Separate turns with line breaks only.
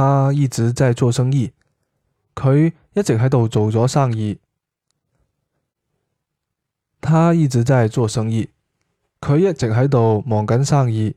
他一直在做生意，佢一直喺度做咗生意。他一直在做生意，
佢一直喺度忙緊生意。